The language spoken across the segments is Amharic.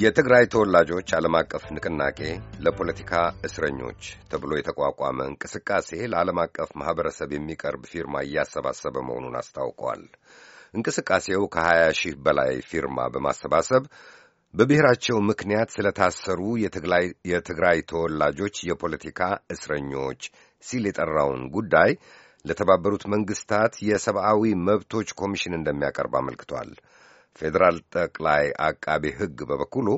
የትግራይ ተወላጆች ዓለም አቀፍ ንቅናቄ ለፖለቲካ እስረኞች ተብሎ የተቋቋመ እንቅስቃሴ ለዓለም አቀፍ ማኅበረሰብ የሚቀርብ ፊርማ እያሰባሰበ መሆኑን አስታውቋል። እንቅስቃሴው ከ20 ሺህ በላይ ፊርማ በማሰባሰብ በብሔራቸው ምክንያት ስለታሰሩ የትግራይ ተወላጆች የፖለቲካ እስረኞች ሲል የጠራውን ጉዳይ ለተባበሩት መንግሥታት የሰብአዊ መብቶች ኮሚሽን እንደሚያቀርብ አመልክቷል። ፌዴራል ጠቅላይ አቃቤ ሕግ በበኩሉ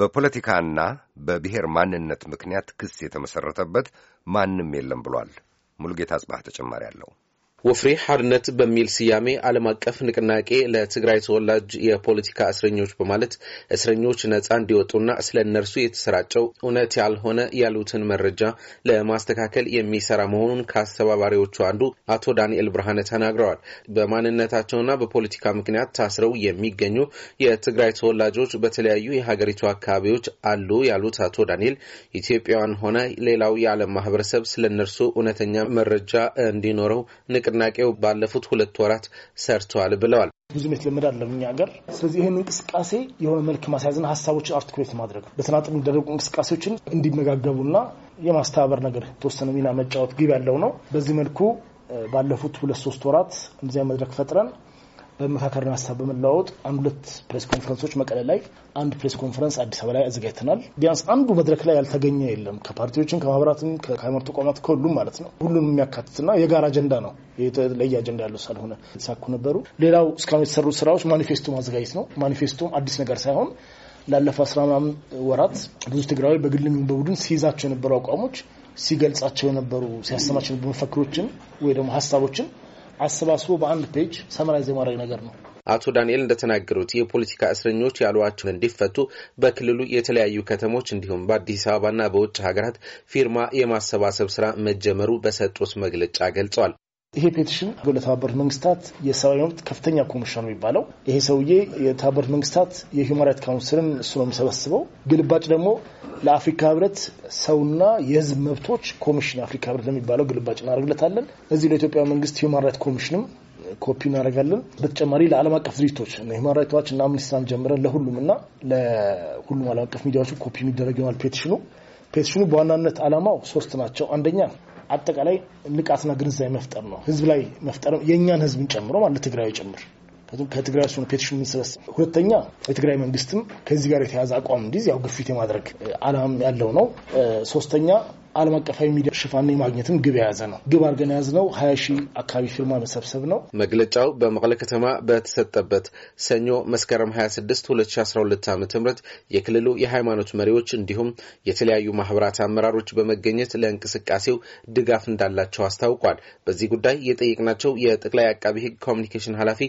በፖለቲካና በብሔር ማንነት ምክንያት ክስ የተመሠረተበት ማንም የለም ብሏል። ሙሉጌታ ጽባህ ተጨማሪ አለው። ወፍሬ ሓርነት በሚል ስያሜ ዓለም አቀፍ ንቅናቄ ለትግራይ ተወላጅ የፖለቲካ እስረኞች በማለት እስረኞች ነጻ እንዲወጡና ስለ እነርሱ የተሰራጨው እውነት ያልሆነ ያሉትን መረጃ ለማስተካከል የሚሰራ መሆኑን ከአስተባባሪዎቹ አንዱ አቶ ዳንኤል ብርሃነ ተናግረዋል። በማንነታቸውና በፖለቲካ ምክንያት ታስረው የሚገኙ የትግራይ ተወላጆች በተለያዩ የሀገሪቱ አካባቢዎች አሉ ያሉት አቶ ዳንኤል ኢትዮጵያውያን ሆነ ሌላው የዓለም ማህበረሰብ ስለ እነርሱ እውነተኛ መረጃ እንዲኖረው ንቅ ንቅናቄው ባለፉት ሁለት ወራት ሰርተዋል ብለዋል። ብዙ ቤት ልምድ አለም እኛ ሀገር። ስለዚህ ይህን እንቅስቃሴ የሆነ መልክ ማስያዝና ሀሳቦችን አርቲኩሌት ማድረግ በተናጥል የሚደረጉ እንቅስቃሴዎችን እንዲመጋገቡና የማስተባበር ነገር የተወሰነ ሚና መጫወት ግብ ያለው ነው። በዚህ መልኩ ባለፉት ሁለት ሶስት ወራት እንዚያ መድረክ ፈጥረን በመካከልና ሀሳብ በመለዋወጥ አንድ ሁለት ፕሬስ ኮንፈረንሶች መቀለ ላይ፣ አንድ ፕሬስ ኮንፈረንስ አዲስ አበባ ላይ አዘጋጅተናል። ቢያንስ አንዱ መድረክ ላይ ያልተገኘ የለም። ከፓርቲዎችን፣ ከማህበራትም፣ ከሃይማኖት ተቋማት ከሁሉም ማለት ነው። ሁሉንም የሚያካትትና የጋራ አጀንዳ ነው። የተለየ አጀንዳ ያለው ሳልሆነ የተሳኩ ነበሩ። ሌላው እስካሁን የተሰሩ ስራዎች ማኒፌስቶ ማዘጋጀት ነው። ማኒፌስቶም አዲስ ነገር ሳይሆን ላለፈው አስራ ምናምን ወራት ብዙ ትግራዊ በግልም በቡድን ሲይዛቸው የነበሩ አቋሞች ሲገልጻቸው የነበሩ ሲያሰማቸው የነበሩ መፈክሮችን ወይ ደግሞ ሀሳቦችን አሰባስቦ በአንድ ፔጅ ሰመራይዝ የማድረግ ነገር ነው። አቶ ዳንኤል እንደተናገሩት የፖለቲካ እስረኞች ያሏቸው እንዲፈቱ በክልሉ የተለያዩ ከተሞች እንዲሁም በአዲስ አበባና በውጭ ሀገራት ፊርማ የማሰባሰብ ስራ መጀመሩ በሰጡት መግለጫ ገልጸዋል። ይሄ ፔቲሽን ለተባበሩት መንግስታት የሰብአዊ መብት ከፍተኛ ኮሚሽን ነው የሚባለው። ይሄ ሰውዬ የተባበሩት መንግስታት የሂውማን ራይት ካውንስልን እሱ ነው የሚሰበስበው። ግልባጭ ደግሞ ለአፍሪካ ህብረት ሰውና የህዝብ መብቶች ኮሚሽን አፍሪካ ህብረት ለሚባለው ግልባጭ እናደርግለታለን። እዚህ ለኢትዮጵያ መንግስት ሂውማን ራይት ኮሚሽንም ኮፒ እናደርጋለን። በተጨማሪ ለዓለም አቀፍ ድርጅቶች ሂውማን ራይት ዋች እና አምኒስቲን ጀምረን ለሁሉም እና ለሁሉም ዓለም አቀፍ ሚዲያዎች ኮፒ የሚደረግ ይሆናል ፔቲሽኑ። ፔቲሽኑ በዋናነት አላማው ሶስት ናቸው። አንደኛ አጠቃላይ ንቃትና ግንዛቤ መፍጠር ነው። ህዝብ ላይ መፍጠር የእኛን ህዝብን ጨምሮ ማለት ትግራዊ ጭምር ከትግራይ እሱ ፔቲሽን የምንሰበስብ። ሁለተኛ የትግራይ መንግስትም ከዚህ ጋር የተያዘ አቋም እንዲዝ ያው ግፊት የማድረግ አላማም ያለው ነው። ሶስተኛ ዓለም አቀፋዊ ሚዲያ ሽፋን የማግኘትም ግብ የያዘ ነው። ግብ አድርገን የያዝነው ሀያ ሺህ አካባቢ ፊርማ መሰብሰብ ነው። መግለጫው በመቀለ ከተማ በተሰጠበት ሰኞ መስከረም 26 2012 ዓ ም የክልሉ የሃይማኖት መሪዎች እንዲሁም የተለያዩ ማህበራት አመራሮች በመገኘት ለእንቅስቃሴው ድጋፍ እንዳላቸው አስታውቋል። በዚህ ጉዳይ የጠየቅናቸው የጠቅላይ አቃቢ ህግ ኮሚኒኬሽን ኃላፊ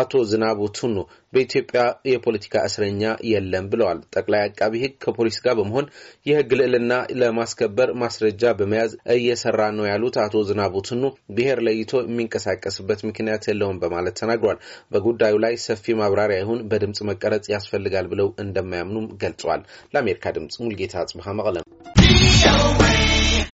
አቶ ዝናቡ ቱኑ በኢትዮጵያ የፖለቲካ እስረኛ የለም ብለዋል። ጠቅላይ አቃቢ ሕግ ከፖሊስ ጋር በመሆን የሕግ ልዕልና ለማስከበር ማስረጃ በመያዝ እየሰራ ነው ያሉት አቶ ዝናቡ ቱኑ ብሔር ለይቶ የሚንቀሳቀስበት ምክንያት የለውም በማለት ተናግሯል። በጉዳዩ ላይ ሰፊ ማብራሪያ ይሁን በድምፅ መቀረጽ ያስፈልጋል ብለው እንደማያምኑም ገልጸዋል። ለአሜሪካ ድምፅ ሙልጌታ አጽብሃ መቀለም